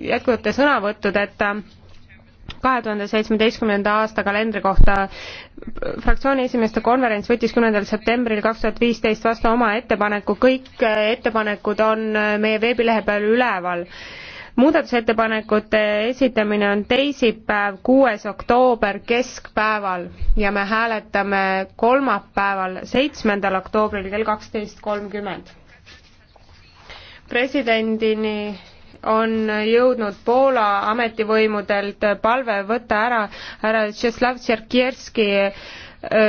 jätkuvate sõnavõttudeta kahe tuhande seitsmeteistkümnenda aasta kalendri kohta. fraktsiooni esimeeste konverents võttis kümnendal septembril kaks tuhat viisteist vastu oma ettepaneku, kõik ettepanekud on meie veebilehe peal üleval muudatusettepanekute esitamine on teisipäev, kuues oktoober keskpäeval ja me hääletame kolmapäeval, seitsmendal oktoobril kell kaksteist kolmkümmend presidendini on jõudnud Poola ametivõimudelt palve võtta ära härra Tšeslav Tšerkierski